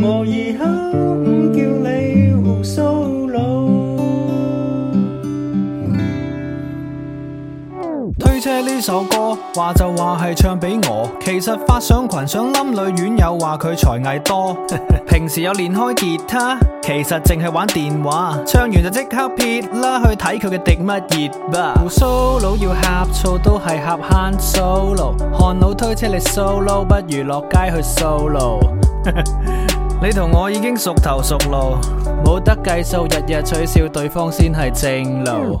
我以後唔叫你胡鬚佬推車呢首歌，話就話係唱俾我。其實發上群想冧女院友，話佢才藝多。平時有練開吉他，其實淨係玩電話。唱完就即刻撇啦，去睇佢嘅迪乜熱吧。胡鬚佬要呷醋都係呷慳 solo，看佬推車你 solo，不如落街去 solo。 你同我已經熟頭熟路，冇得計數，日日取笑對方先係正路。